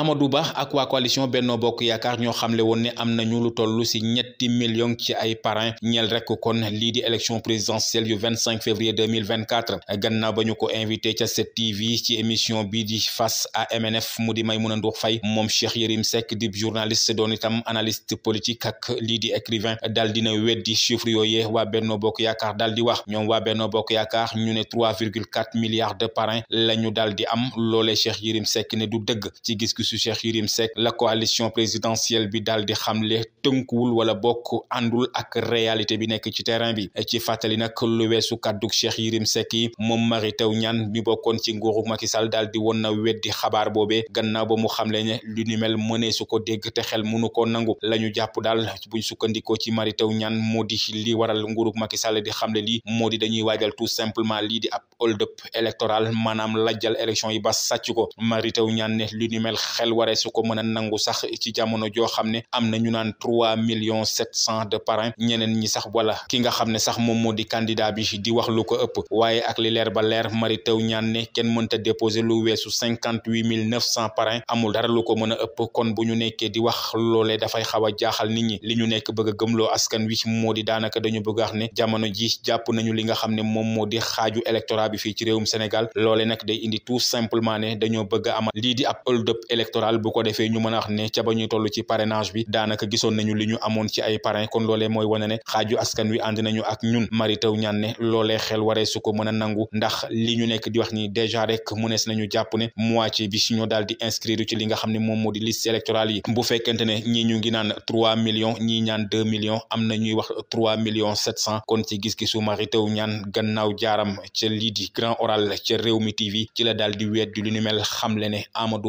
Amadou Ba ak waa coalition Benno Bokk Yaakaar ñoo xamle woon ne am nañu lu toll si ñetti millions ci ay parrain ñeel rek kon lii di élection présidentielle yu février gannaaw ba ñu ko invité ca 7TV ci émission bii di face à MNF mu di Maimouna Ndour Faye moom Cheikh Yérim Seck di journaliste doon itam analyste politique ak lii di écrivain daal dina weddi chiffre yooyee waa Benno Bokk Yaakaar daal di wax ñoom waa Benno Bokk Yaakaar ñu ne 3,4 milliards de parrain la am su Cheikh Yérim Seck la coalition présidentielle bi daal di xamle tënkuwul wala bokk àndul ak réalité bi nekk ci terrain bi ci fàttali nag lu weesu kàddug Cheikh Yérim Seck yi moom Mary Teuw Niane mi bokkoon ci nguuru Macky Sall daal di woon na weddi xabaar boobee gannaaw ba mu xamle ne lu ni mel mënee su ko dégg te xel mënu ko nangu la ñu jàpp daal buñ sukkandikoo ci Mary Teuw Niane moo di li waral nguurug Macky Sall di xamle lii moo di dañuy waajal tout simplement lii di ab hold up électoral maanaam lajjal élection yi ba sàcc ko Mary Teuw Niane ne lu ni mel xel waree su ko mën a nangu sax ci jamono joo xam ne trois millions sept cent de parrain ñeneen ñi sax wala ki nga xam ne sax moom moo di candidat bi di wax lu ko ëpp waaye ak li leer ba leer mari taw ñaan ne kenn mënta déposer lu weesu cinquante huit mille neuf cent parrain amul dara lu ko mën a ëpp kon bu ñu nekkee di wax loolee dafay xaw a jaaxal nit ñi li ñu nekk bëgg a gëmloo askan wi moo di daanaka dañu bëgg wax ne jamono ji jàpp nañu li a lii di ab hold électoral bu ko defee ñu mën a ne ca ba ci parrainage bi daanaka nañu li ñu amoon ci ay parrain kon loolee mooy wane ne xaaju askan wi ànd nañu ak ñun mari ñaan ne loolee xel waree su ko a nangu ndax li ñu nekk di wax ni déjà rek mënees nañu jàpp ne moitié bi si ñoo daal di inscrire ci li moom moo di yi bu fekkente ne ñii ñu ngi naan trois millions ñii ñaan millions am na ñuy wax trois millions sept cent kon ci gis-gisu mari taw ñaan gannaaw jaaram ca lii di grand oral ca réew mi TV ci la daal di weet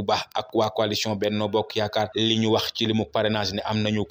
Ba ak waa coalition Benno Bokk